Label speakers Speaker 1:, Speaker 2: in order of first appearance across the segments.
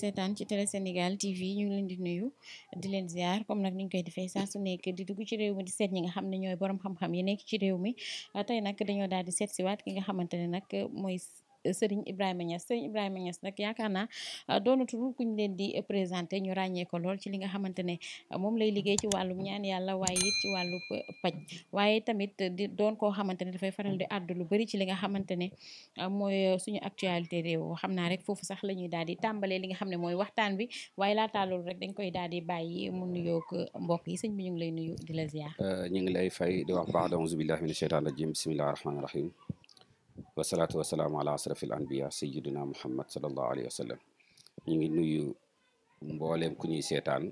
Speaker 1: seetaan ci télé Sénégal TV ñu ngi leen di nuyu di leen ziar comme nag niñ koy defee saa su di dugg ci réew mi di seet ñi nga xam ne ñooy borom xam-xam yi nekk ci réew mi tey nag dañoo daal di seet si waat ki nga xamante ne nag mooy. Serigne Ibrahima Niass Serigne Ibrahima Niass nag yaakaar naa ah, doonatul kuñ leen di présenté ñu ràññee lool ci li nga xamante ne ah, moom lay liggéey ci wàllum ñaan yàlla waaye it ci wàllu eh, paj waaye tamit di doon koo xamante ne dafay faral di àddu lu bëri ci li nga xamante ne ah, mooy eh, suñu actualité réew xam naa rek foofu sax la ñuy daal di li nga xam ne mooy waxtaan bi waaye laataa loolu rek dañ koy daal di bàyyi mu nuyoog eh, mbokk yi sëñ bi ñu ngi lay nuyu di la ziar.
Speaker 2: Euh, ñu ngi lay fay di wax baax auzu billahi mina shaytaani rajim bismillahi rahmaani wasalaatu wasalaamu ala asrafil anbiya sayidina muhammad salallahu alayhi wa sallam ñu ngi nuyu mbooleem ku ñuy seetaan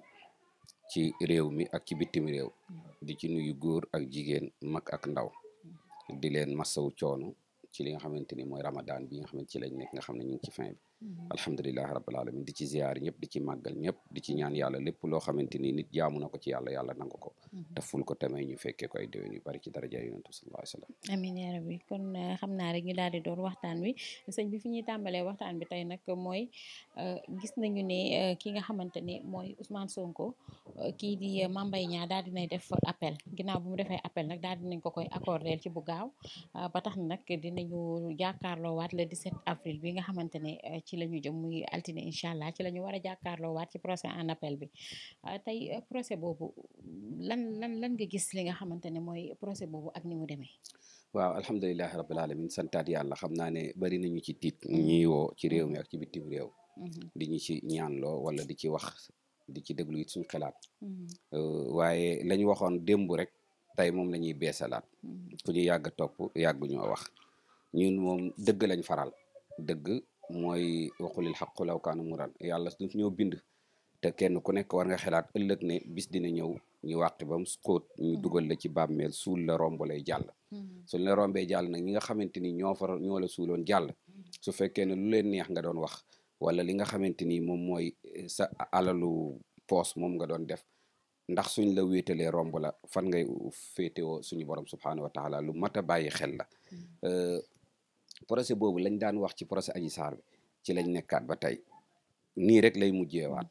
Speaker 2: ci réew mi ak ci bitim réew di ci nuyu góor ak jigéen mak ak ndaw di leen massawu coono ci li nga xamante ni mooy ramadan bi nga xamante ci lañ nekk nga xam ne ñu ngi ci fin bi Mm-hmm. alhamdulilahi rabbil alamin di ci ziyaar ñëpp di ci màggal ñëpp di ci ñaan yàlla lépp loo ni nit jaamu na ko ci yàlla yàlla nangu ko mm-hmm. te ful ko tamay ñu fekkee ko ay bari ci daraja yonent eh,
Speaker 1: di door waxtaan wi sëñ bi eh, ne eh, ki nga xamante mooy Ousmane Sonko kii di Mame Mbaye Niang daal dinay def appel ginnaaw bu mu defee appel nag daal dinañ ko koy accordeel ci bu gaaw ba tax nag nga xamante ci la ñu jëm muy altine incha allah ci la ñu war a jàkkaarloo waat ci procès en appel bi euh, tey euh, procès boobu lan lan lan nga gis li nga xamante ne mooy procès boobu ak ni mu demee.
Speaker 2: waaw alhamdulilah rabbil alamin santaat yàlla xam naa ne bari nañu ci tiit ñuy woo ci réew mi ak ci bitim réew. Mm-hmm. di ñu ci ñaanloo wala di ci wax di ci déglu it suñu xalaat. Mm-hmm. Euh, waaye la ñu waxoon démb rek tey moom lañuy ñuy beesalaat. Mm-hmm. ku ñu yàgg topp yàgg ñoo wax. ñun moom dëgg lañ faral mooy waqulil xaqu ka kaana muran yàlla daf ñoo bind te kenn ku nekk war nga xalaat ëllëg ne bis dina ñëw ñu wàqi bam xóot ñu hmm. dugal la ci bàmmeel suul la romb lay jàll hmm. suñ la rombee jàll nag ñi nga xamante ni ñoo fa ñoo la suuloon jàll hmm. su fekkee ne lu leen neex nga doon wax wala li nga xamante ni moom mooy eh, sa alalu poos moom nga doon def ndax suñ la wéetalee romb la fan ngay féetewoo suñu borom subhaanahu wa taala lu mat a bàyyi xel la eh, procès boobu lañ daan wax ci procès Adji Sarr ci lañ nekkaat ba tey nii rek lay mu jeewaat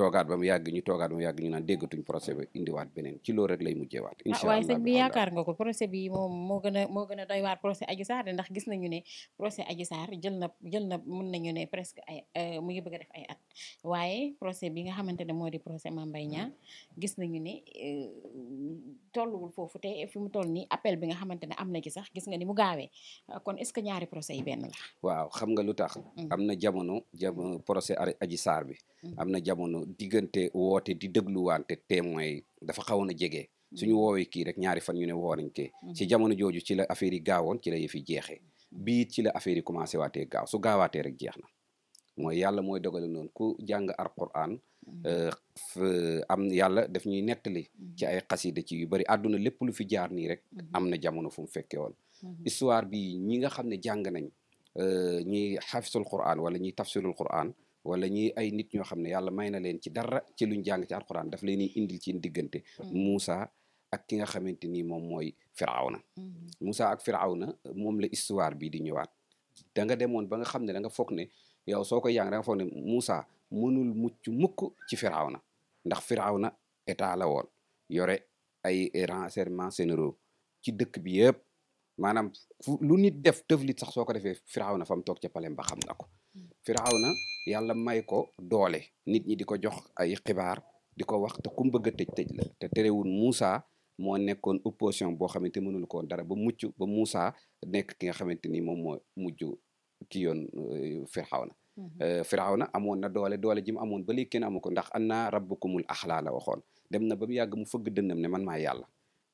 Speaker 2: toogaat ba mu yàgg ñu toogaat ba mu yàgg ñu naan déggatuñ procès ba indiwaat beneen ci rek lay mujjeewaat ah, incha allah waaye
Speaker 1: yaakaar nga ko procès bi moom moo gën a moo gën a doy waar procès Adji Sarr de ndax gis nañu na jël na mën nañu ne presque ay euh, mu ngi bëgg a def ay at waaye procès bi nga xamante ne moo di procès Mame Mbaye Niang hmm. gis nañu ne euh, tolluwul foofu te fi mu tol nii appel bi nga xamante ne am na ci sax gis nga ni mu gaawee kon est-ce que ñaari procès yi benn la
Speaker 2: waaw xam nga lu tax hmm. am na jamono jamono procès Adji Sarr bi hmm. am na jamono diggante woote di dégluwante témoin yi dafa xawoon a jege. Mm. suñu woowee kii rek ñaari fan ñu ne woo nañ kee mm-hmm. ci jamono jooju ci la affaire yi gaawoon ci la yëf yi jeexee mm-hmm. bii ci la affaire yi commencé waatee gaaw su gaawaatee rek jeex na mooy yàlla mooy dogale noon ku jàng alquran mm-hmm. euh, am yàlla daf ñuy nettali ci ay xasida ci yu bari àdduna lépp lu fi jaar nii rek am na jamono fu mu fekkee woon histoire bi ñi nga xam ne jàng nañ euh, ñi xafisul quran wala ñi tafsirul quran wala ñi ay nit ñoo xam ne yàlla may na leen ci dara ci lu luñ jàng ci alquran daf leen di indil ci diggante mm. Muusa ak ki nga xamante ni moom mooy Firawna mm-hmm. Muusa ak Firawna moom la histoire bii di ñëwaat da nga demoon ba nga xam ne da foog ne yow soo koy jàng da nga foog mënul mucc mukk ci Firawna ndax Firawna état la woon yore ay renseignements généraux ci dëkk bi yëpp maanaam lu nit def tëflit sax soo ko defee Firawna fa mu toog ca palem ba xam na ko firawna yàlla may ko doole nit ñi di ko jox ay xibaar di ko wax te ku mu bëgg tëj tëj la te terewul Moussa moo nekkoon opposition boo xamante mënul ko dara ba mucc ba Moussa nekk ki nga xamante ni moom moo mujj ki yoon euh, firawna mhm. euh, firawna amoon na doole doole ji mu amoon ba léegi kenn amu ko ndax anna rabbukumul axlaa la waxoon dem na ba mu yàgg mu fëgg dënnam ne man ma yàlla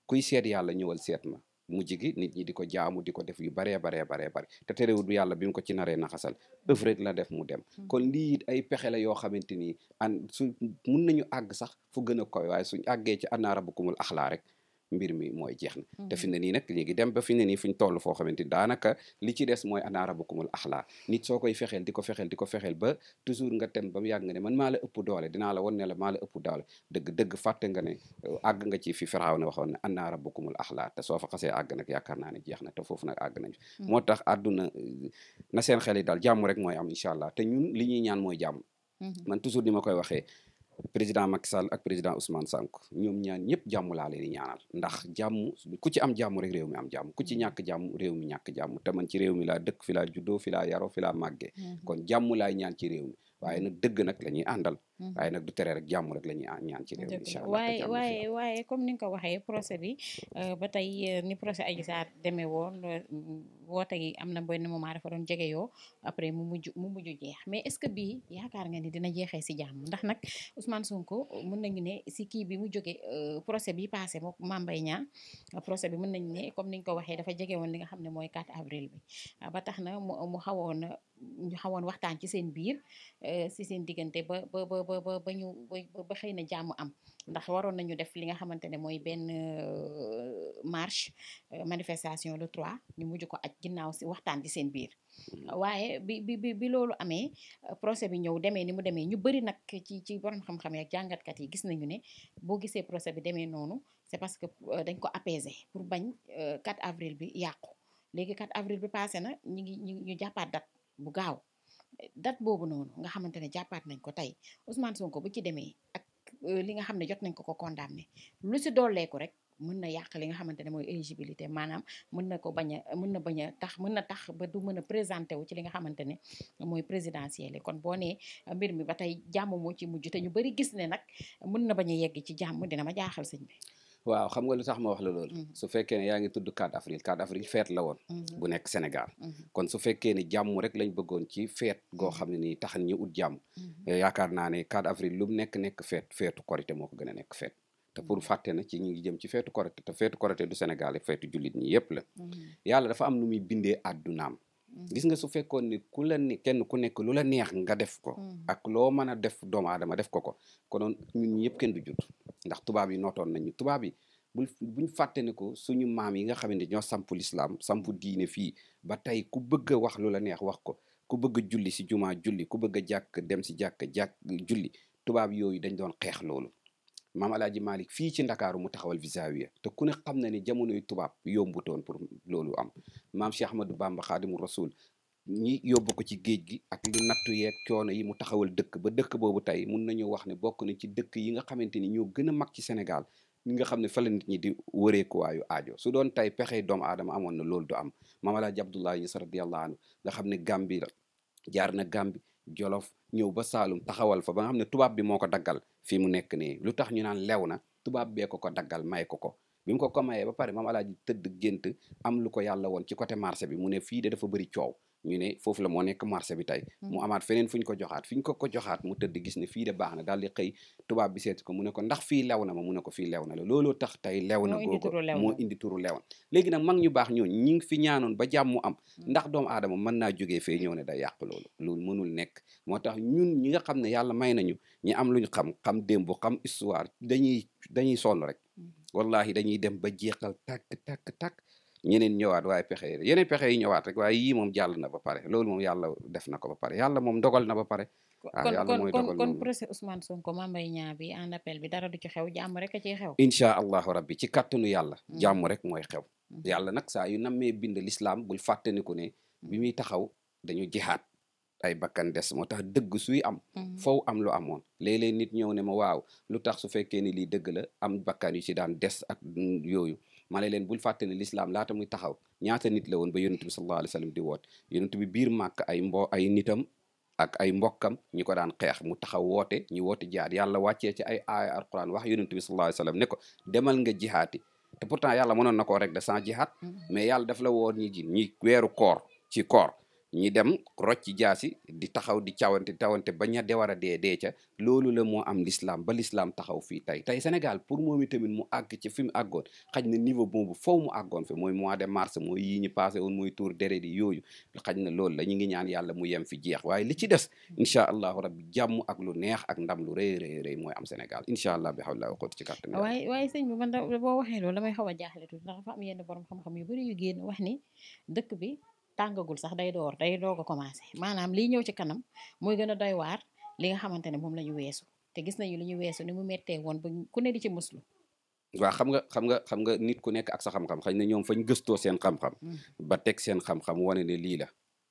Speaker 2: kuy seet yàlla ñëwal seet ma mujj gi nit ñi di ko jaamu di ko def yu baree baree baree bari te terewul yàlla bi mu ko ci naree naxasal ëf rek la def mu dem hmm. kon lii ay pexe la yoo xamante ni an su mun nañu àgg sax fu gën a koy waaye suñ àggee ci annaarabukumul axlaa rek mbir mi mooy jeex na. te mmh. fi ne nii léegi dem ba fi ne nii fuñ toll foo xamante ni daanaka li ci des mooy ana rabbukumul axlaa nit soo koy fexeel di ko fexeel di ko fexeel ba toujours nga tem ba mu yàgg nga ne man maa la ëpp doole dinaa la wan ne la maa la ëpp doole dëgg dëgg fàtte nga ne euh, àgg nga ci fi firaaw na waxoon ne ana rabbukumul axlaa te soo fa xasee àgg nag yaakaar naa ne jeex na te foofu nag àgg nañ mmh. moo tax àdduna euh, na seen xel daal jàmm rek mooy am incha allah te ñun li ñuy ñaan mooy jàmm mmh. man toujours ni ma koy waxee président Macky Sall ak président Ousmane Sonko ñoom ñaan ñëpp jàmm laa leen di ñaanal ndax jàmm ku ci am jàmm rek réew mi am jàmm ku ci mm. ñàkk jàmm réew mi ñàkk jàmm te man ci réew mi laa dëkk fi laa juddoo fi laa yaroo fi laa màggee mm-hmm. kon jàmm laay ñaan ci réew mi waaye mm. nag dëgg nag la ñuy àndal Mm-hmm. waaye nag du tere rek la ñuy ñaan ci réew waaye
Speaker 1: waaye comme ni nga ko waxee procès bi euh, ba tey euh, ni procès Adji Sarr demee woon euh, woote gi am na na benn moment dafa doon jege yoo après mu mujj mu mujj jeex mais est ce que bii yaakaar nga ni dina jeexee si jàmm ndax nag Ousmane Sonko mën nañu ne si kii bi mu jógee procès bi passé moom Mame Mbaye Niang procès bi mën nañ ne comme ni nga ko waxee dafa jege woon li nga xam ne mooy 4 avril bi ba tax na mu mu xawoon ñu xawoon waxtaan ci seen biir si seen diggante ba ba ba ñu ba xëy na jàmm am ndax waroon nañu def li nga xamante ne mooy benn euh, marche euh, manifestation le trois ñu mujj ko aj ginnaaw si waxtaan ci seen biir. Mm-hmm. waaye bi bi bi loolu amee euh, procès bi ñëw demee ni mu demee ñu bëri nag ci ci borom xam-xam yi ak jàngatkat yi gis nañu ne boo gisee procès bi demee noonu c'est parce que dañ ko apaiser pour bañ 4 avril bi yàqu léegi 4 avril bi passé na ñu ngi ñu jàppaat date bu gaaw. date boobu noonu nga xamante ne jàppaat nañ ko tey Ousmane ko bu ci demee ak euh, li nga xam ne jot nañ ko ko condamné lu si dooleeku rek mën na yàq li nga xamante ne mooy éligibilité maanaam mën na ko bañ a mën na bañ a tax mën na tax ba du mën a présenté wu ci li nga xamante ne mooy présidentielle kon boo nee euh, mbir mi ba tey jàmm moo ci mujj te ñu bëri gis ne nag mën na bañ a yegg ci jàmm dina ma jaaxal sëñ bi.
Speaker 2: waaw xam nga lu sax ma wax la lool mmh. su fekkee ne yaa ngi tudd 4 avril 4 avril feet la woon mmh. bu nekk Sénégal mmh. kon su fekkee ne jàmm rek lañ bëggoon ci feet goo xam ne nii taxan ñu ut jàmm eh, yaakaar naa ne 4 avril lu mu nekk nekk feet feetu korité moo ko gën a nekk feet te pour fàtte na ci ñu ngi jëm ci feetu korité te feetu korité du Sénégal feetu jullit ñi yépp la yàlla dafa am nu muy bindee àddunaam gis nga su fekkoon ni ku la ni kenn ku nekk lu la neex nga def ko ak loo mën a def doom aadama def ko ko konoon ñëpp kenn du jut ndax tubaab yi nootoon nañu tubaab yi bul buñ fàtte ne ko suñu maam yi nga xamante ñoo sampu lislaam sampu diine fii ba tey ku bëgg wax lu la neex wax ko ku bëgg julli si jumaa julli ku bëgg a jàkk dem si jàkk jàkk julli tubaab yooyu dañ doon xeex loolu maam alaaji Malick fii ci ndakaaru mu taxawal visawiya te ku ne xam na ni jamonoy tubaab yombutoon pour loolu am maam Cheikh Ahmadou Bamba Xaadimu Rasul ñi yóbbu ko ci géej gi ak li nattu yeeg coono yi mu taxawal dëkk ba dëkk boobu tey mun nañu wax ne bokk na ci dëkk yi nga xamante ni ñoo gën a mag ci senegal ñi nga xam ne fa ñi di wëreekuwaayu ajo su doon tey pexe doom aadama amoon na loolu doo am Maam Alaaji Abdoulaye Niass radiyallahu anhu nga xam ne Gàmbi la jaar na Gàmbi Jolof ñëw ba Saalum taxawal fa ba nga xam ne tubaab bi moo ko daggal fii mu nekk nii lu tax ñu naan lew na tubaab bee ko ko daggal may ko ko mu ko ko mayee ba pare Maam Alaaji tëdd gént am lu ko yàlla woon ci côté marché bi mu ne fii de dafa bëri coow ñu ne foofu la moo nekk marché hmm. mu amaat feneen fu ñu ko joxaat fi ñu ko ko joxaat mu tëdd gis ne fii de baax na daal di xëy tubaab bi seet ko mu ne ko ndax fii lew ma mu ne ko fii lew na la looloo tax tey lew na googu moo indi turu lew na léegi nag mag ñu baax ñoo ñi ngi fi ñaanoon ba jàmm mu am hmm. ndax doomu aadama mën naa jógee fee ne day yàq loolu loolu mënul nekk moo tax ñun ñi nga xam ne yàlla may nañu ñu am luñ xam xam démb xam histoire dañuy dañuy sonn rek hmm. wallahi dañuy dem ba jeexal tàkk tàkk tàkk ñeneen ñëwaat waaye pexe yeneen pexe yi ñëwaat rek waaye yii moom jàll na ba pare loolu moom yàlla def na ko ba pare yàlla moom dogal na ba pare. waaw yàlla mooy dogal kon kon procès
Speaker 1: Ousmane Sonko Mame Mbaye Niang bi en appel bi dara du ci xew jàmm rek a ciy xew.
Speaker 2: incha allahu rabbi ci kàttanu yàlla. Mm. jàmm rek mooy xew. Mm-hmm. yàlla nag saa yu nammee bind lislaam bul fàtte ni ne mm. bi muy taxaw dañu jihaat ay bakkan des moo tax dëgg suy am mm-hmm. faw am lu amoon léeg-léeg nit ñëw ne ma waaw lu tax su fekkee ne lii dëgg la am bakkan yu ci daan des ak yooyu ma leen bul fàtte ne lislaam laata muy taxaw ñaata nit la woon ba yonent bi sallallahu alayhi wa di woot yonent bi biir màkk ay mbo ay nitam ak ay mbokkam ñi ko daan xeex mu taxaw woote ñu woote jihaad yàlla wàccee ci ay aaya alquran wax yonent bi sallallahu alayhi wa ne ko demal nga jihaati te pourtant yàlla mënoon na koo rek de sans jihaad mm-hmm. mais yàlla daf la woon ñi ji ñi weeru koor ci koor ñi dem rocci jaasi di taxaw di cawante tawante ba ña de war a dee dee ca loolu la moo am l'islam ba l'islam taxaw fii tey tey Sénégal pour moom itamit mu àgg ci fi mu àggoon xaj na niveau boobu fow mu àggoon fi mooy mois de mars mooy yii ñu passé woon muy tour deret yi yooyu xaj na loolu la ñu ngi ñaan yàlla muy yem fi jeex waaye li ci des incha allahu rabbi jàmm ak lu neex ak ndam lu rëy rëy mooy am Sénégal incha allah bi xawla wa ci kàttan waaye
Speaker 1: waaye waxee loolu damay xaw jaaxle tuuti bi tàngagul sax day door day doog a commencé maanaam liy ñëw ci kanam muy gën a doy waar li nga xamante ne moom la ñu weesu te gis nañu li ñu weesu ni mu méttee woon ba ku ne di ci muslu
Speaker 2: waaw xam nga xam nga xam nga nit ku nekk ak sa xam-xam na ñoom fañ gëstoo seen xam-xam mm. ba teg seen xam-xam wane ne lii la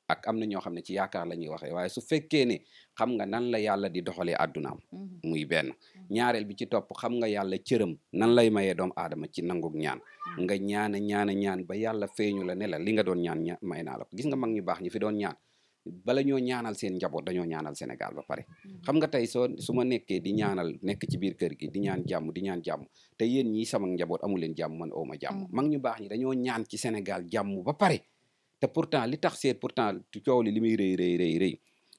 Speaker 2: ak am na ñoo xam ne ci yaakaar la ñuy waxee waaye su fekkee ne xam nga nan la yàlla di doxalee àddunaam mmh. muy benn mmh. ñaareel bi ci topp xam nga yàlla cëram nan lay mayee doom aadama ci nangug ñaan mmh. nga ñaana ñaan ba yàlla feeñu la ne la li nga doon ñaan ña may naa la gis nga mag ñu baax ñi fi doon ñaan bala ñoo ñaanal seen njaboot dañoo ñaanal Sénégal ba pare xam nga tey soo ma nekkee di ñaanal nekk ci biir kër gi di ñaan jàmm di ñaan jàmm te yéen ñii sama njaboot amu leen jàmm man oo ma jàmm mag ñu baax ñi dañoo ñaan ci Sénégal jàmm ba pare te pourtant li tax seet pourtant coow li li muy rëy rëy rëy rëy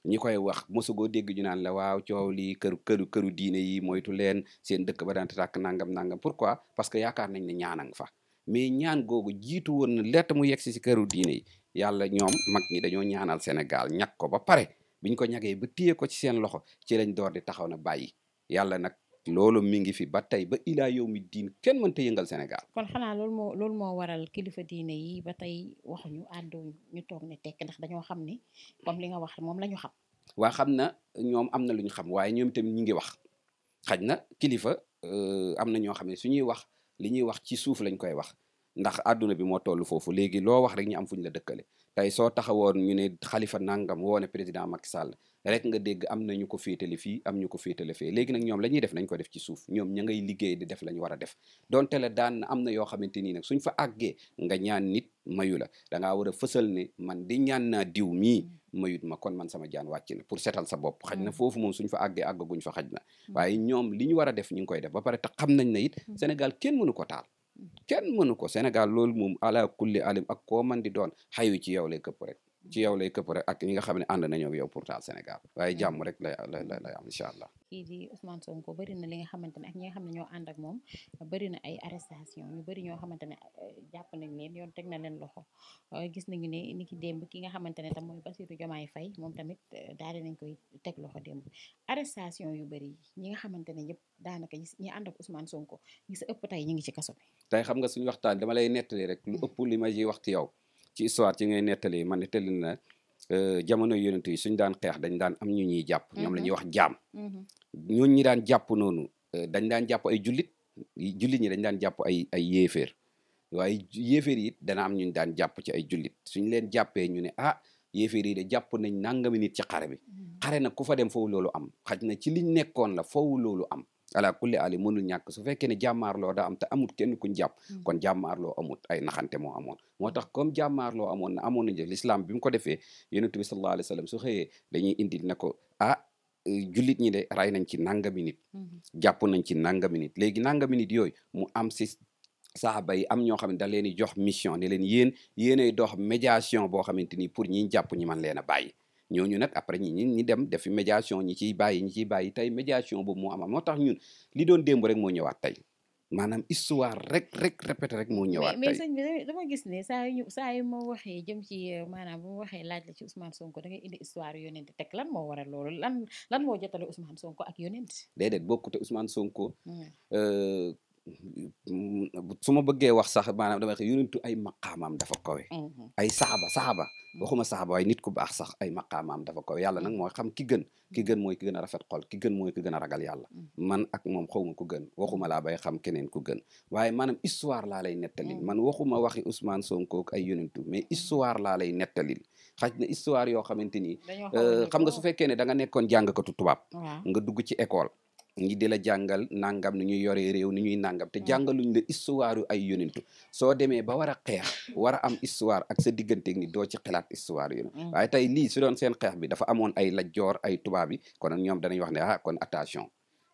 Speaker 2: ñi koy wax mosugoo dégg ñu naan la waaw coow li kër këru këru diine yi moytu leen seen dëkk ba daan tàkk nangam nangam pourquoi parce que yaakaar nañ ne ñaanang fa mais ñaan googu jiitu woon na lett mu yegg si si këru diine yi yàlla ñoom mag ñi dañoo ñaanal senegal ñag ko ba pare biñ ko ñagee ba téye ko ci seen loxo ci lañ door di taxaw na bàyyi yàlla nag loolu mi ngi fi ba tey ba ilaa yow mi diin kenn mënta yëngal Sénégal.
Speaker 1: kon xanaa loolu moo moo waral kilifa diine yi ba tey waxuñu àddu ñu toog ne tekk ndax dañoo xam ni comme li nga wax moom la ñu xam.
Speaker 2: waa xam na ñoom am na lu ñu xam waaye ñoom tamit ñu ngi wax xaj na kilifa euh, am na ñoo xam ne su ñuy wax li ñuy wax ci suuf lañ koy wax ndax àdduna bi moo toll foofu léegi loo wax rek ñu am fu ñu la dëkkale tey soo taxawoon ñu ne xalifa nangam woo président Macky Sall rek nga dégg am na ñu ko féetale fii am ñu ko féetale fee léegi nag ñoom la ñuy def nañ ko def ci suuf ñoom ña ngay liggéey di def la ñu war a def donte la daan am na yoo xamante ni nag suñ fa àggee nga ñaan nit mayu la da ngaa war a fësal ne man di ñaan naa diw mii mm. mayut ma kon man sama jaan wàcc na pour setal sa bopp xaj na mm. foofu moom suñ fa àggee àggaguñ fa xaj na mm. waaye ñoom li ñu war a def ñu ngi koy def ba pare te xam nañ ne it Sénégal kenn mënu ko taal kenn mënu ko Sénégal loolu moom ala kulli ak koo man di doon xayu ci yow lay këpp rek ci yow lay këpp rek ñi nga xam ne ànd nañoo yow pour taal Sénégal mm. waaye jàmm rek lay lay lay allah.
Speaker 1: kii di Ousmane Sonko bëri na li nga xamante ne ñi nga xam ne ñoo ànd ak moom bëri na ay arrestation ñu bëri ñoo xamante ne eh, jàpp nañ leen yoon teg na leen loxo eh, gis nañu ne ni ki démb ki nga xamante ne tam mooy Bassirou Diomaye Faye moom tamit eh, daal di nañ koy teg loxo démb arrestation yu bëri ñi nga xamante ne ñëpp daanaka gis ñi ànd ak Ousmane Sonko gis ëpp tey ñu ngi ci kaso bi.
Speaker 2: tey xam nga suñu waxtaan dama lay nettali rek lu mm. ëpp li ma ji wax ci yow. ci histoire ci ngay nettali man nettali na euh, jamono yonent yi suñ daan xeex dañ daan am ñu ñuy jàpp ñoom la ñuy mhm. wax jaam mhm. ñooñu ñi daan jàpp noonu euh, dañ daan jàpp ay jullit jullit ñi dañ daan jàpp ay ay yéeféer waaye yéeféer yi dana am ñu daan jàpp ci ay jullit suñ leen jàppee ñu ne ah yéeféer yi de jàpp nañ nangami nit ci xare bi mhm. xare na ku fa dem foofu loolu am xaj na ci liñ nekkoon la foofu loolu am ala kulli ali mënul ñàkk su fekkee ne jàmmaarloo daa am te amut kenn kuñ jàpp mm. kon jàmmaarloo amut ay naxante moo amoon moo tax comme jàmmaarloo amoon na amoon nañ l'islam bi mu ko defee yonent bi sallallahu alayhi wa sallam su indi ne ko ah eh, jullit ñi de ray nañ ci nangami nit mm-hmm. jàpp nañ ci nangami nit léegi nangami nit yooyu mu am si saxaba yi am ñoo xam ne leen di jox mission ne leen yéen yéenay dox médiation boo xamante ni pour ñi jàpp ñi man leen a bàyyi ñooñu nag après ñi ñi dem defi médiation ñi ciy bàyyi ñi ciy bàyyi tey médiation boobu moo amal moo tax ñun li doon démb rek moo ñëwaat tey maanaam histoire rek rek répété rek moo ñëwaat tey mais
Speaker 1: sëñ bi dama gis ne saa yu saa yu ma waxee jëm ci euh, maanaam boo ma waxee laaj la ci Ousmane Sonko da ngay indi histoire yonent teg lan moo waral loolu lan lan moo jotale Ousmane Sonko ak yonent
Speaker 2: déedéet bokkute Ousmane Sonko hmm. euh, Mmh, mmh, su ma bëggee wax sax maanaam damay wax yonentu ay maqaamaam dafa kawe mmh. ay saxaba saxaba waxuma saxaba waaye nit ku baax sax ay maqaamaam dafa kawe yàlla nag mooy xam ki gën ki gën mooy ki gën a rafet xol ki gën mooy ki a ragal yàlla man ak moom xawma ku gën waxuma laa bay xam keneen ku gën waaye maanaam histoire laa lay nettalil man waxuma waxi Ousmane Sonko ak ay yonentu mais histoire laa lay nettalil xaj na histoire yoo xamante ni euh, xam nga su fekkee ne da nga nekkoon jàngkatu tubaab nga dugg ci école ngi di la jàngal nangam nu ñuy yoree réew nu ñuy nangam te mm. jàngaluñ la histoire yu ay yonentu soo demee ba war a xeex war a am histoire ak sa digganteeg ni doo ci xalaat histoire yu mm. waaye tey lii su doon seen xeex bi dafa amoon ay lajjoor ay tubaab yi kon ñoom danañ wax ne ah kon attention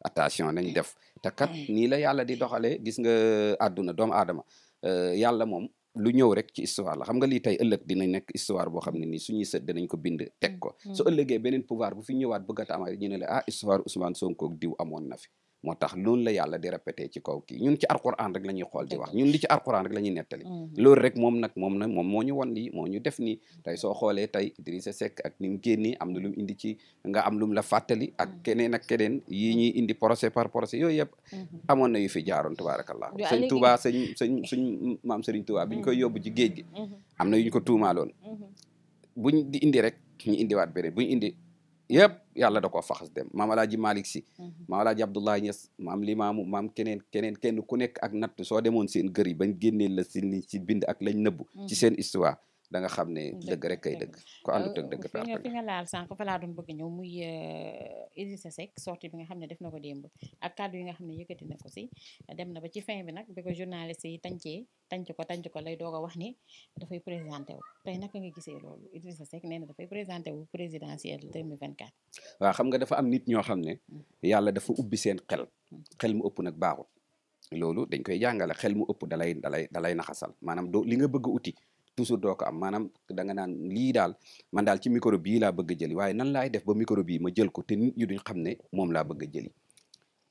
Speaker 2: attention nañ def te kat mm. nii la yàlla di doxale gis nga àdduna doomu aadama euh, yàlla moom lu ñëw rek ci histoire la xam nga lii tey ëllëg dinañ nekk histoire boo xam ne nii suñuy sët dinañ ko bind teg mm, ko mm. su ëllëgee beneen pouvoir bu fi ñëwaat bëgg a am ñu ne la ah histoire Ousmane Sonko diw amoon na fi moo tax loolu la yàlla di répété ci kaw kii ñun ci alquran rek la ñuy xool di wax ñun li ci alquran rek la ñuy nettali mhm. loolu rek moom nag moom nag moom moo ñu wan lii moo ñu def nii mhm. tey soo xoolee tey Idrissa Seck ak ni mu génnee am na lu mu indi ci nga am lu mu la fàttali ak mhm. keneen ak keneen yii ñuy indi procès par procès yooyu yëpp amoon yu fi jaaroon tabaarakallah sëñ Touba maam Sëriñ Touba bi koy yóbbu ci géej am na yu ko tuumaaloon buñ di indi rek ñu indiwaat beneen buñ yëpp yàlla da koo faxas dem maam alaaji Malick si mhm. maam alaaji Abdoulaye Niass maam limaamu maam keneen keneen kenn ku nekk ak natt soo demoon seen gër yi bañ si liñ ak lañ nëbbu mhm. seen histoire da nga xam ne dëgg rek kay dëgg ku àndut ak dëgg perte
Speaker 1: fi nga laal sànq fa bëgg ñëw muy euh, Idrissa Seck sortie bi nga xam ne def na ko démb ak kàddu yi nga xam ne yëkkati na ko si na ba ci fin bi nag bi ko journaliste yi tàncee tànc ko tànc ko lay doog a wax ni dafa présenté wu tey naka nga gisee loolu Idrissa Seck nee na dafay présenté wu présidentiel 2024
Speaker 2: waaw xam nga dafa am nit ñoo xam ne mm. yàlla dafa ubbi seen xel mm. xel mu ëpp nag baaxul loolu dañ koy jàngale xel mu ëpp dalay dalay na naxasal maanaam doo li nga bëgg uti toujours doo ko am maanaam da nga naan li daal man daal ci micro bii laa bëgg a jëli waaye nan laay def ba micro bii ma jël ko te nit ñi xam ne moom laa bëgg a jëli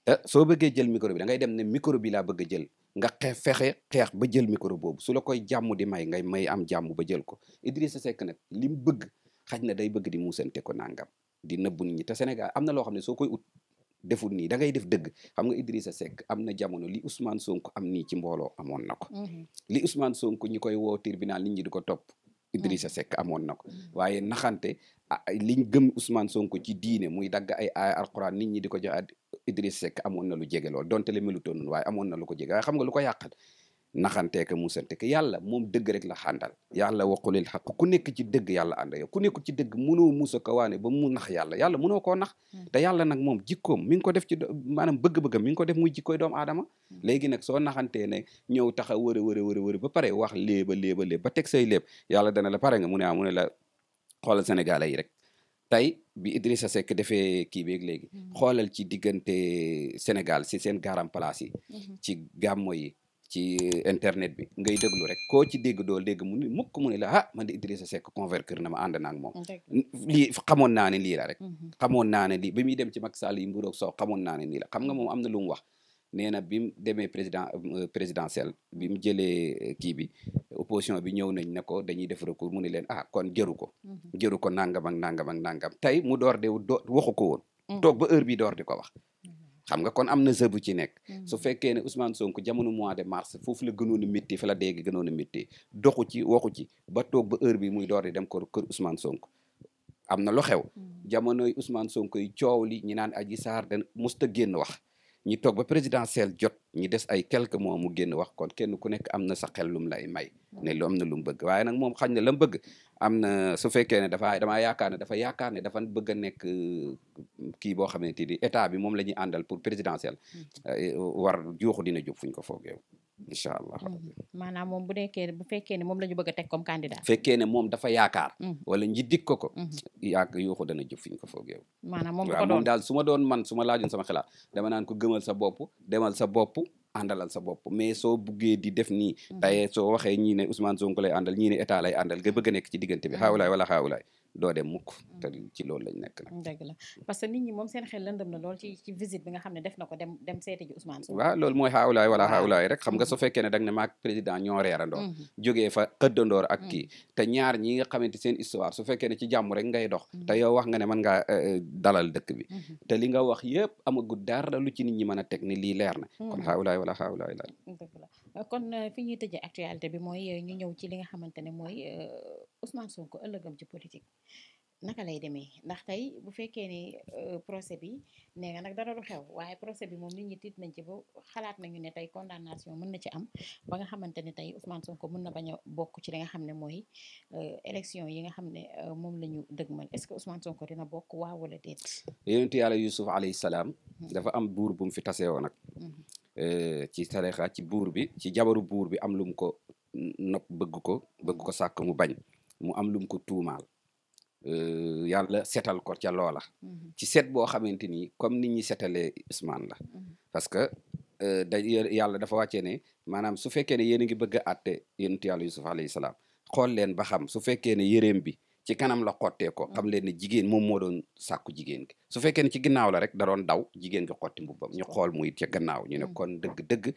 Speaker 2: eh, soo bëggee jël micro bi da dem ne micro bi laa bëgg jël nga xeex fexe xeex ba jël micro boobu su la koy jàmm di may ngay may am jàmm ba jël ko Idrissa Seck nag li mu bëgg xaj na day bëgg di muusante ko nangam di nëbbu nit ñi te Sénégal am na loo xam ne soo koy ut deful nii da ngay def dëgg xam nga Idrissa Seck am na jamono li Ousmane sonk am nii ci mbooloo amoon na ko. Mhm. li Ousmane sonk ñi koy woo tribunal nit ñi di ko topp. Idrissa mhm. sekk amoon na ko. Mhm. waaye naxante liñ gëm Ousmane Sonko ci diine muy dagg ay ay alxuraan ni ñi di ko jox Idrissa amoon na lu jege lool donte le melutoon waaye amoon na lu ko jege waaye xam nga lu ko yàqal. naxanteeka musante ke yàlla moom dëgg rek la xàndal yàlla waqulil xaq ku nekk ci dëgg yàlla ànd ku nekk ci dëgg mënoo muusa ko waane ba mu nax yàlla yàlla mënoo ko nax hmm. te yàlla nag moom jikkoom mi ngi ko def ci maanaam bëgg-bëggam mi ngi ko def muy jikkooy doomu aadama hmm. léegi nag soo naxantee ne ñëw taxa wër a wër a wër a wër ba pare wax léeba léeba léeb ba teg say léeb yalla dana la pare nga mu ne ah mu ne la xoolal sénégalais yi rek tey bi Idrissa Seck defee kii beeg léegi hmm. xoolal ci diggante senegal si seen garam place yi ci gàmmo yi ci internet bi ngay déglu rek koo ci dégg doo dégg mu ne mukk mun ne la ah man de Idrissa Seck convaincre na ma ànd na ak moom lii xamoon naa ne lii la rek mm-hmm. xamoon naa ne lii bi muy dem ci Macky Sall yi mburoog soow xamoon naa ne lii la xam nga moom am na lu mu wax nee na bi mu demee président euh, présidentiel bi mu jëlee euh, kii bi opposition bi ñëw nañ ne ko dañuy def recours mu ne leen a ah, kon jëru ko mm-hmm. jëru ko nangam ak nangam ak nangam tey mu door de waxu ko woon mm-hmm. toog ba heure bi door di ko wax xam nga kon am na jeu bu ci nekk. Mm-hmm. su fekkee ne Ousmane sonk jamono mois de mars foofu la gënoon a métti fa la dégg gënoon a métti doxu ci waxu ci ba toog ba heure bi muy door di dem kër kër Ousmane Sonko. am na lu xew mm-hmm. jamonoy Ousmane Sonko yi coow li ñi naan Adji Sarr da musta génn wax ñi toog ba présidentielle jot ñi des ay quelques mois mu génn wax kon kenn ku nekk am na sa xel lum lay may. Mm-hmm. ne lu na lu bëgg waaye nag moom xañ na la bëgg am na su fekkee ne dafa damaa yaakaar ne dafa yaakaar ne dafa bëgg a nekk mm, kii boo xamante ni état bi moom la ñuy àndal pour présidentielle mm-hmm. euh, euh, war juuxu dina jóg fu ñu ko foogee incha allah
Speaker 1: mm-hmm. maanaam moom bu nekkee bu fekkee ne moom la ñu bëgg a teg
Speaker 2: fekkee ne moom dafa yaakaar mm-hmm. wala ñi dik ko ko yaak yuuxu dana jëf fi ñu ko foogee
Speaker 1: maanaam moom moom
Speaker 2: daal su ma doon man su ma laajoon sama xalaat dama naan ko gëmal sa bopp demal sa bopp àndalal sa bopp mais soo buggee di def nii mhm. tey soo waxee ñii ne Ousmane Sonko lay àndal ñii ne état àndal nga bëgg nekk ci diggante bi xaawulaay mhm. wala doo dem mukk mm. te ci loolu lañ nekk nag.
Speaker 1: dëgg la parce que nit ñi seen xel lëndëm na lool ci ci visite xam ne def na ko dem dem seeti ji Ousmane Sonko. waaw loolu mooy
Speaker 2: xaawulaay wala xaawulaay rek xam nga mm-hmm. su fekkee ne ne maag président ñoo reerandoor mm-hmm. jógee fa xëddandoor ak kii mm-hmm. te ñaar ñi nga xamante seen histoire su fekkee ci jàmm rek ngay dox te yow wax nga ne mën ngaa eh, eh, dalal dëkk bi te li nga wax yëpp amagu dara lu ci nit ñi mën a teg ni lii leer na kon xaawulaay wala xaawulaay la
Speaker 1: dëgg kon euh, fi ñuy tëjee actualité bi mooy euh, ñu ñëw ci li nga xamante ne mooy euh, Ousmane Sonko ëllëgam ci politique naka lay demee ndax tey bu fekkee ni procès bi nee nga nag dara du xew waaye procès bi moom nit ñi tiit nañ ci ba xalaat nañu ne tey condamnation mën na ci am ba nga xamante ne tey Ousmane Sonko mën na bañ bokk ci li nga xam ne mooy élection yi nga xam ne moom la ñu dëgmal est-ce que Ousmane Sonko dina bokk waaw wala déet.
Speaker 2: yonent yàlla Yusuf alayhi salaam. Hmm. dafa am buur bu fi tasee woon nag. Hmm. Euh, ci salexa ci buur bi ci jabaru buur bi am lu mu ko nopp bëgg ko bëgg ko sàkk mu bañ mu am lu mu ko tuumaal euh, yàlla setal ko ca loola mm-hmm. ci set boo xamante ni comme nit ñi setalee Ousmane la mm-hmm. parce que euh, da yàlla dafa wàccee ne maanaam su fekkee ne yéen a ngi bëgg a àtte yonentu yàlla Yusuf alayhi salaam xool leen ba xam su fekkee ne yëreem bi ci kanam la xottee ko mm. xam leen ne jigéen moom moo doon sàkku jigéen ki su fekkee ne ci ginnaaw la rek da doon daw jigéen gi xotti mbubbam ñu xool muy ca gannaaw ñu ne mm. kon dëgg-dëgg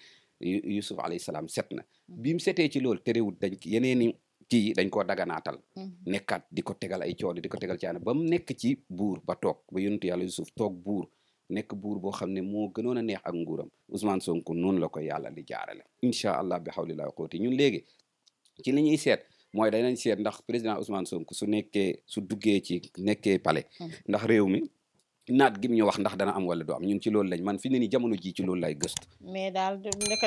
Speaker 2: Yusuf alayhi salaam set na mm. bi mu setee ci loolu terewut dañ yeneeni ci dañ koo daganaatal nekkaat di ko tegal ay coono di ko tegal ci ana ba mu nekk ci buur ba toog ba yonentu yàlla Yusuf toog buur nekk buur boo xam ne moo gënoon a neex ak nguuram Ousmane Sonko noonu la ko yàlla di jaarale incha allah bi xawlillahi quwwati ñun léegi ci li ñuy seet mooy nañ seet ndax président Ousmane Sonko su nekkee su duggee ci nekkee pale hmm. ndax réew mi naat gi mu ñu wax ndax dana am wala du am ñun ci loolu lañ man fi ne ni jamono ji ci loolu lay gëstu
Speaker 1: mais daal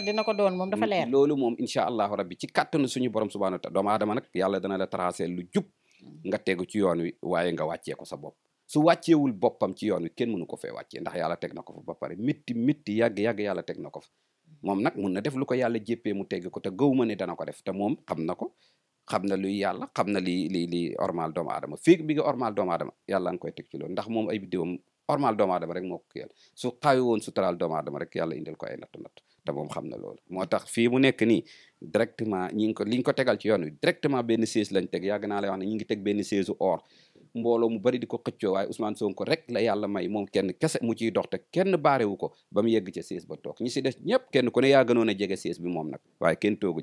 Speaker 1: dina ko doon moom dafa leer
Speaker 2: loolu moom incha allahu rabbi ci kàttanu suñu borom subhanahu wa taala doomu aadama nag yàlla dana la tracé lu jub hmm. nga tegu ci yoon wi waaye nga wàccee ko sa bopp su wàcceewul boppam ci yoon wi kenn mënu ko fee wàccee ndax yàlla teg na ko fa ba pare métti métti yàgg-yàgg yàlla teg na ko fa hmm. moom mun na def lu ko yàlla jéppee mu tegg ko te gëw ne dana ko def moom xam na xam na luy yàlla xam na li li li ormal doomu aadama fii bi nga ormal doomu aadama yàlla nga koy teg ci loolu ndax moom ay bidéwam ormal doomu aadama rek moo ko kiyal su xaawi woon suturaal doomu aadama rek yàlla indel ko ay nattu nattu te moom xam na loolu moo tax fii mu nekk nii directement ñi ngi ko li ñu ko tegal ci yoon wi directement benn siège lañ teg yàgg naa lay wax ne ñi ngi teg benn siège or mbooloo bari di ko waaye Ousmane Sonko rek la yàlla may moom kenn kese mu dox te kenn baarewu ko ba yegg ca siis ba toog ñi si des ñëpp kenn ku ne yaa a bi moom nag waaye kenn toogu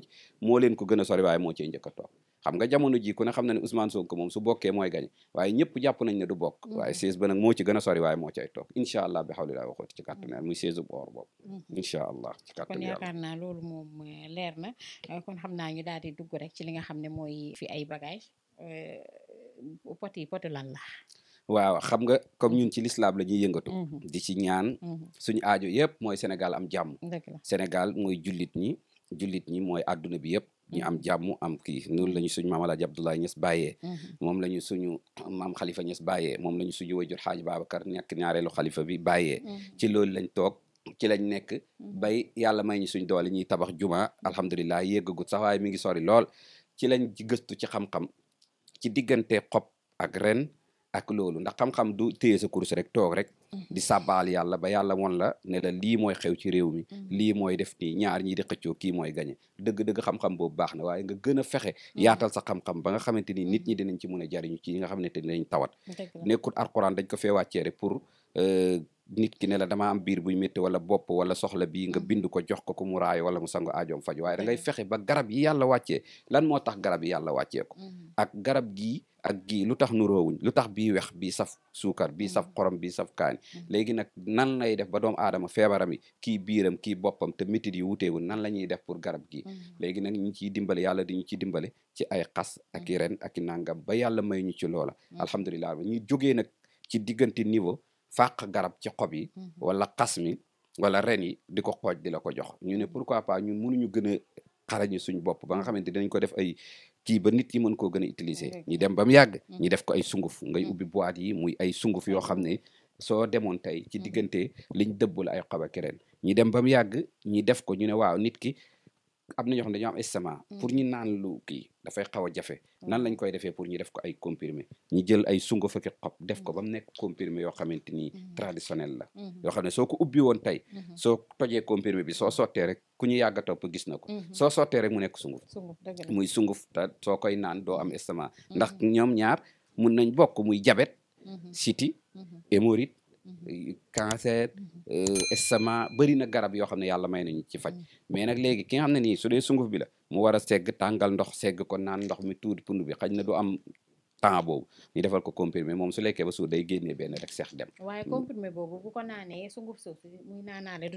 Speaker 2: a moom su bokkee mooy gañ waaye ñëpp jàpp nañ ne du bokk mm. waaye siis ba nag moo ci sori waaye moo cay toog allah bi xawlilaay waxooti ci kàttan yàlla muy siis bu or boobu mm. allah kon yaakaar
Speaker 1: naa loolu moom eh, leer na eh, kon xam naa ñu daal dugg rek ci li nga xam ne mooy pot yi potu la.
Speaker 2: waaw xam nga comme mm-hmm. ñun ci lislaam la ñuy yëngatu. Mm-hmm. di ci ñaan. Mm-hmm. suñu aajo yëpp mooy Sénégal am jàmm. Sénégal mooy jullit ñi jullit ñi mooy àdduna bi yëpp. ñu am jàmm am kii noonu la ñu suñu maam Alaaji Abdoulaye Niass bàyyee. moom lañu suñu maam Khalifa Niass bàyyee moom la ñu suñu wajur Xaaji Babacar nekk ñaareelu Khalifa bi bàyyee. ci loolu lañ toog. ci lañ nekk bay yàlla may ñu suñ doole ñuy tabax juma alhamdulilah yéggagut sax waaye mi ngi sori lool ci lañ gëstu ci xam-xam ci diggante xob ak ren ak loolu ndax xam-xam du téye sa course rek toog rek mm-hmm. di sabaal yàlla ba yàlla won la ne la lii mooy xew ci réew mi mm-hmm. lii mooy def nii ñaar ñii di xëccoo kii mooy gañe dëgg-dëgg xam-xam boobu baax na waaye nga gën a fexe mm-hmm. yaatal sa xam-xam ba nga xamante ni nit ñi dinañ ci mun a jariñu ci yi nga xamante ni nañ tawat nekkul alxuraan dañ ko fee wàccee rek nit ki ne la damaa am biir buy métti wala bopp wala soxla bii nga mm-hmm. bind ko jox ko ku mu raay wala mu sango aajoom faj waaye da ngay fexe ba garab yi yàlla wàccee lan moo tax garab yi yàlla wàccee ko mm-hmm. ak garab gi ak gii lu tax nuroowuñ lu tax bii wex bii saf suukar bii saf mm-hmm. xorom bii saf kaani léegi nag nan lay def ba doom aadama feebaram yi kii biiram kii boppam te métit yi wuteewul nan la ñuy def pour garab gi léegi nag ñu ciy dimbale yàlla di ñu ciy dimbale ci ay xas ak ren ak i nàngam ba yàlla may ñu ci loola alhamdulilah ñuy jógee nag ci diggante niveau fàq garab ci xob yi mhm. wala xas mi wala ren yi di ko xooj di la ko jox ñu ne mhm. pourquoi pas ñun mënuñu gën a xarañu suñ bopp ba nga mhm. xamante dinañ ko def ay kii ba nit yi man koo gën a utiliser ñu dem ba mu yàgg ñu def ko ay sunguf ngay ubbi boîte yi muy ay sunguf yoo xam ne soo demoon tey ci diggante liñ dëbbul ay xob ak ren ñi dem ba mu yàgg ñi def ko ñu ne waaw nit ki am na ñoo xam ne dañoo am estomac. Mm. pour ñu naan lu kii dafay xaw jafe. Mm. nan lañ koy defee pour ñu def ko ay comprimé ñu jël ay sungu fukki xob def ko mm. ba mu nekk comprimé yoo xamante ni mm-hmm. traditionnel la. Mm-hmm. yoo xam ne soo ko ubbi woon tey. Mm-hmm. soo tojee comprimé bi soo sottee rek ku ñu yàgg a topp gis na ko. soo sottee rek mu nekk sunguf. muy sunguf ta soo koy naan doo am estomac. ndax ñoom ñaar mun nañ bokk muy jabet. siti hémorroïde Mm-hmm. Euh, cancer mm-hmm. euh, estomac bëri na garab yoo xam ne yàlla may nañu ci faj mm-hmm. mais nag léegi ki xam ne ni su dee sunguf bi la mu war a segg tàngal ndox segg ko naan ndox mi tuuti pund bi xaj na du am temps boobu ñu defal ko comprimé moom su lekkee ba suur day génnee benn rek seex dem.
Speaker 1: waaye mm. comprimé boobu bu ko naanee su nguuf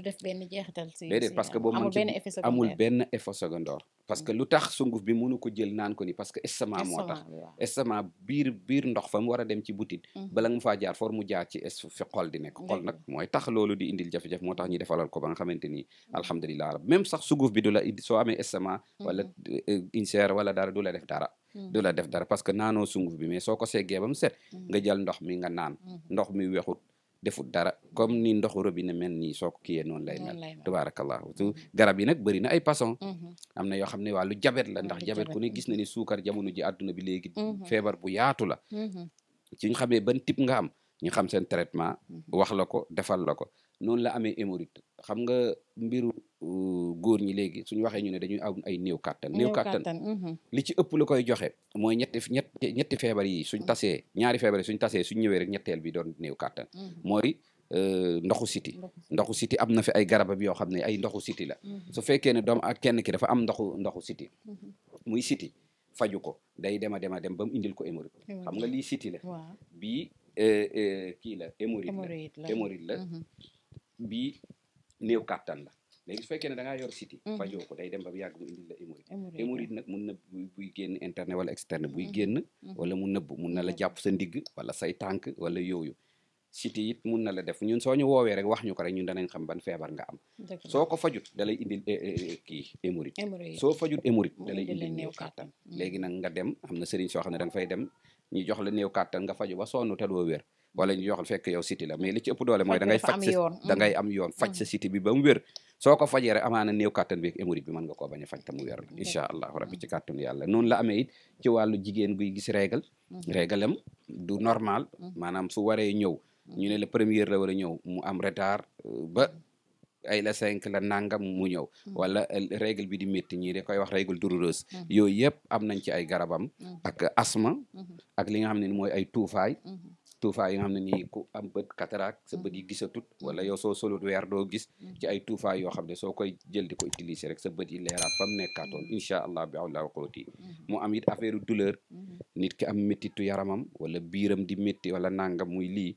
Speaker 1: def benn jeexital. si parce que boobu amul benn effet secondaire amul benn
Speaker 2: effet secondaire. parce que mm. lu tax sunguf bi mënu ko jël naan ko ni parce que estomac moo tax estomac biir ndox fa mu war a dem ci butit mm. bala nga faa jaar for mu jaar ci es fi xol di nekk xol nag mooy tax loolu di indil jafe-jafe moo tax ñu defalal ko ba nga xamante ni alhamdulilah rab même sax sunguf bi du la soo amee estomac mm-hmm. wala euh, ulcère wala dara du la def dara du la def dara parce que naano sunguf bi mais soo ko seggee ba set mm-hmm. nga jal ndox mi nga naan mm-hmm. ndox mi wexut defut dara comme ni ndoxu robinet mel nii soo ko kiyee noonu lay mel tabaarakallah mm-hmm. garab yi nag bari na ay façon am na yoo xam ne wàllu jabet la ndax jabet ku ne gis na ni suukar jamono ji àdduna bi léegi feebar bu yaatu la ci ñu xamee ban type nga am ñu xam seen traitement wax la ko defal la ko noonu la ame hémorroïde xam nga mbiru euh, góor ñi léegi suñu waxee ñu ne dañuy am ay néew kàttan néew kàttan mhm. li ci ëpp lu koy joxe mooy ñetti feebar yi suñ mhm. tasee ñaari feebar yi suñ tasee suñ ñëwee rek ñetteel bi doon néew kàttan mhm. mooy euh, ndoxu siti ndoxu siti am na fi ay garab garabam yoo xam ne ay ndoxu siti la su fekkee ne doom ak kenn ki dafa am ndoxu ndoxu siti muy siti faju ko day dema dema dem ba mu indil ko hémorroïde xam nga li siti la bii euh, kii la hémorroïde la bii néew kàttan la léegi su fekkee ne da ngaa yor siti mhm. fajoo ko day dem ba yàgg mu indil la hémorroïde hémorroïde nag mun na buy génn interne wala externe buy mhm. génn mhm. wala mun na nëbb mun na la jàpp sa ndigg wala say tànk wala yooyu siti it mun na la def ñun soo ñu woowee wax ñu ko rek ñun danañ xam ban feebar nga am soo ko fajut da lay indil eh, eh, eh, kii hémorroïde soo fajut hémorroïde da lay indil néew kàttan léegi nag nga dem am na sëriñ soo xam ne da fay dem ñu jox la néew kàttan nga faju ba sonn te doo wér wala ñu jox fekk yow siti la mais doole mooy da ngay faj sa da mm. mm. ba mu wér soo ko fajee amaana néew kàttan bi hémorroïde bi a faj te mu wér mm. allahu rabbi ci kàttan yàlla noonu la amee ci wàllu jigéen guy gis régal régalam du normal maanaam su waree ñëw ñu ne la war a mu am retard euh, ba ay la cinq la nangam mu ñëw mm-hmm. wala règle bi di métti ñii de koy wax règle douloureuse mm-hmm. yooyu yëpp am nañ ci ay garabam mm-hmm. ak asma ak li nga xam ne ni mooy ay tuufaay tuufaay yi nga xam ne nii ku am bët cataracte sa bët yi gisatut wala yow soo weer doo gis ci ay tuufaay yoo xam ne soo koy jël di ko utiliser rek sa bët yi leeraat fam nekkaatoon incha allah bi awla xóoti mu am it affaire douleur nit ki am méttitu yaramam wala biiram di métti wala nangam muy lii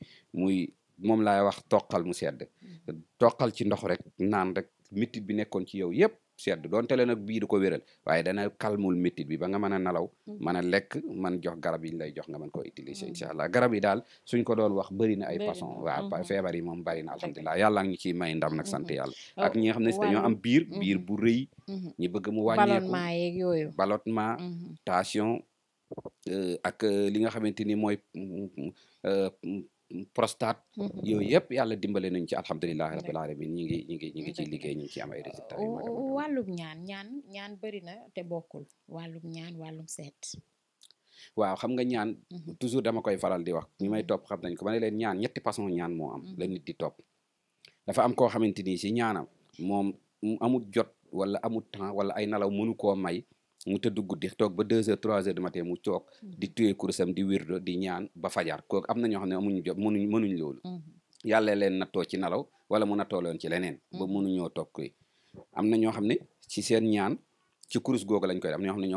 Speaker 2: moom laay wax toqal mu sedd mm-hmm. toqal ci ndox rek naan rek métit bi nekkoon ci yow yëpp sedd doon leen nag bii ko wéral waaye dana kalmul métit bi ba nga mën a nalaw mm-hmm. mën a lekk man jox garab yi lay jox nga man ko utiliser mm-hmm. incha allah garab yi daal suñ ko doon wax bëri na ay façon waaw feebar yi moom bëri na alhamdulilah yàlla ñu ciy may ndam nag sant yàlla oh, ak ñi nga xam ne si dañoo am biir biir bu rëy ñi bëgg mu wàññeeku ballonnement tension euh, ak euh, li nga xamante ni mooy mm, mm, euh, prostate mm-hmm. yooyu yëpp yàlla dimbale nañ ci alhamdulilahi rabbil alamin ñi ngi ñi ngi ñi ngi ciy liggéey ñi ci ciy am ay résultats
Speaker 1: yu mag ñaan ñaan ñaan bëri na te bokkul wàllum ñaan wàllum seet
Speaker 2: waaw xam nga ñaan mm-hmm. toujours dama koy faral di wax ñi may mm-hmm. topp xam nañ ko ma ne leen ñaan ñetti façon ñaan moo am la nit di topp dafa am koo xamante ni si ñaanam moom amul jot wala amul temps wala ay nalaw mënu koo may mu tëdd guddi toog ba deux heures trois heures du matin mu coog mm-hmm. di tuye kurusam di wirdo di ñaan ba fajar kooku am na ñoo xam ne amuñu jot mënuñ mënuñ loolu mm-hmm. yàlla leen nattoo ci nalaw wala mu nattoo leen ci leneen ba mm-hmm. mënuñoo toog koy am na ñoo xam ne ci seen ñaan ci kurus googu lañ koy am na ñoo xam ne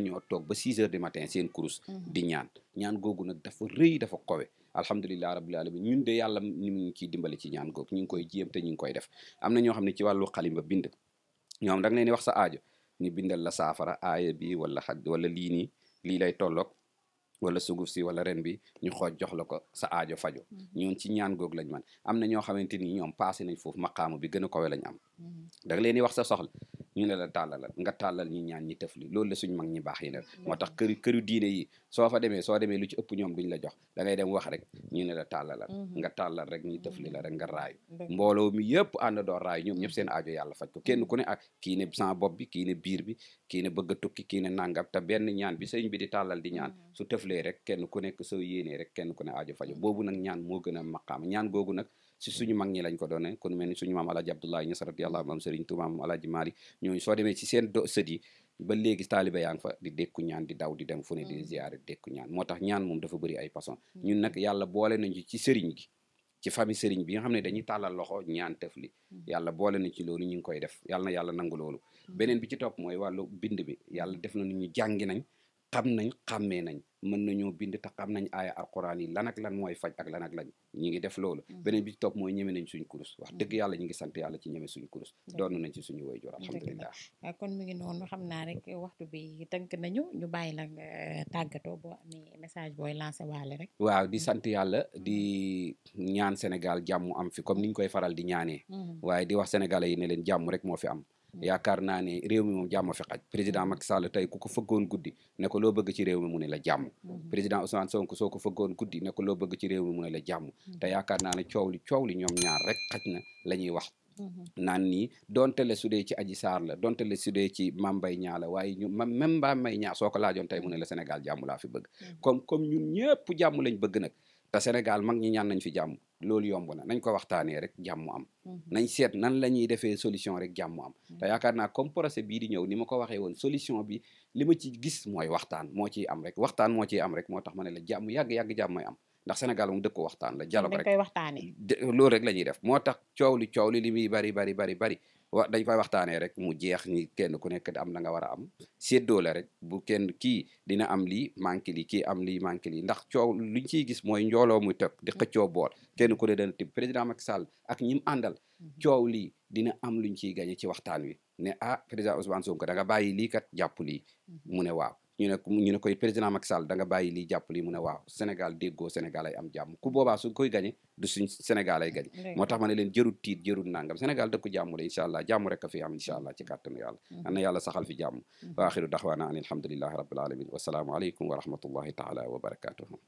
Speaker 2: ñoom toog ba six heures du matin seen kurus di ñaan ñaan googu nag dafa rëy dafa kowe alhamdulilah rabbil ñun de yàlla ni mu ngi ci ñaan googu ñu koy jéem te ñu ngi koy def am na ñoo xam ne ñoom da nga leen wax sa aajo ñu bindal la saafara aaya bi wala xaj wala lii nii lii lay tolloog wala suguf si wala ren bi ñu xooj jox la ko sa aajo fajo mm-hmm. ñoon ci ñaan goog lañ man am na ñoo xamante ni ñoom passé nañ foofu maqaamu bi gën a kowe lañ am mm-hmm. da nga leen di wax sa soxla ñu ne la tàllalal nga tàllal ñu ñaan ñi tëfli loolu la suñ mag ñi baax yi ne mm-hmm. moo tax këru këru diine yi soo fa demee soo demee lu ci ëpp ñoom duñ la jox da dem wax rek ñu ne la tàllalal mm-hmm. nga tàllal rek ñi tëfli la rek nga raayu mbooloo mi yëpp ànd doo raayu ñoom ñëpp mm-hmm. seen aajo yàlla faj ko kenn ku ne ak kii ne sans bopp bi kii ne biir bi kii ne bëgg tukki kii ne nàngam te benn ñaan bi sëñ bi di tàllal di ñaan su tëflee rek kenn ku nekk soo yéenee rek kenn ku ne aajo fajo boobu nag ñaan moo gën a maqaam ñaan googu nag si suñu mag ñi lañ ko doone kon mel ni suñu maam alaaji Abdoulaye Niass radiyallahu anhu maam Serigne Touba maam alaaji Maari ñooñu soo demee ci seen do sët ba léegi taaliba yaa ngi fa di dékku ñaan di daw di dem fu ne di mm. ziyaare dékku ñaan moo tax ñaan moom dafa bari ay façon mm. ñun nag yàlla boole nañu ci sëriñ gi ci famille sëriñ bi nga xam ne dañuy tàllal loxo ñaan tëf li mm. yàlla boole nañu ci loolu ñu ngi koy def yàlla na yàlla nangu loolu beneen bi ci topp mooy wàllu bind bi yàlla def na ñu jàngi nañ xam nañ xàmmee nañ mën nañu bind te xam nañ aaya alquran yi lan ak lan mooy faj ak lan ak lan ñi ngi def loolu mmh. beneen bi ci mooy ñeme nañ suñ kurus wax mmh. dëgg yàlla ñi ngi sant yàlla ci ñeme suñ kurus doon nañ ci suñu waajur alhamdulilah
Speaker 1: ah, kon mi ngi noonu xam naa rek waxtu bi tënk nañu ñu bàyyi la eh, tàggatoo boo amee message booy lancé waale rek
Speaker 2: waaw di mmh. sant yàlla di ñaan Sénégal jàmmu am fi comme niñ koy faral di ñaanee waaye di wax sénégalais yi ne leen jàmm rek moo fi am yaakaar naa ne réew mi moom jàmm fi xaj président mm-hmm. Macky Sall tey ku ko fëggoon guddi ne loo bëgg ci réew mi mu ne la jàmm mm-hmm. président Ousmane Sonko soo ko fëggoon guddi nekk loo bëgg ci réew mi mu ne la jàmm mm-hmm. te yaakaar naa ne coow li coow li ñoom ñaar rek xaj na la ñuy wax naan ni donte le su dee ci Adji Sarr la donte le su dee ci Mame Mbaye Niang la waaye ñu même Mame Mbaye Niang soo laajoon tey mu ne la Sénégal jàmm laa fi bëgg comme comme ñun ñëpp jàmm lañ bëgg nag te Sénégal mag ñi ñaan nañ fi jàmm loolu yomb na nañ ko waxtaanee rek jàmmu am mhm. nañ seet nan la ñuy defee solution rek jàmm am mhm. te yaakaar naa comme procès bii di ñëw ni ma ko waxee woon solution bi li ma ci gis mooy waxtaan moo ci am rek waxtaan moo ciy am rek moo tax ma ne la jàmm yàgg-yàgg jàmm mooy am ndax Sénégal moom dëkk waxtaan la dialogue rek loolu rek la ñuy def moo tax coow li coow li li muy bari bari bari bari wa dañ koy waxtaanee rek mu jeex ni kenn ku nekk am la nga war a am séddoo la rek bu kenn kii dina am lii manqué lii kii am lii manqué lii ndax coow luñ ciy gis mooy njooloo muy tëg di mm. xëccoo bool kenn ku ne dana président mak Sall ak ñi mu àndal mm-hmm. coow li dina am luñ ciy gañe ci waxtaan wi ne ah président Ousmane Sonko da nga bàyyi lii kat jàpp li mm-hmm. mu ne waaw ñu ne ñu ne koy président Macky Sall da nga bàyyi lii jàpp lii mu ne waaw Sénégal déggoo Sénégal am jàmm ku boobaa su koy gañe du suñ Sénégal ay gañe moo tax ma ne leen jërut tiit jërut nangam Sénégal dëkku jàmm la incha allah jàmm rek a fi am incha allah ci kàttanu yàlla am mm-hmm. na yàlla saxal fi jàmm mm-hmm. wa axiru daxwaana an alhamdulillahi rabbil alamin wasalaamu aleykum wa rahmatullahi taala wa barakatuhu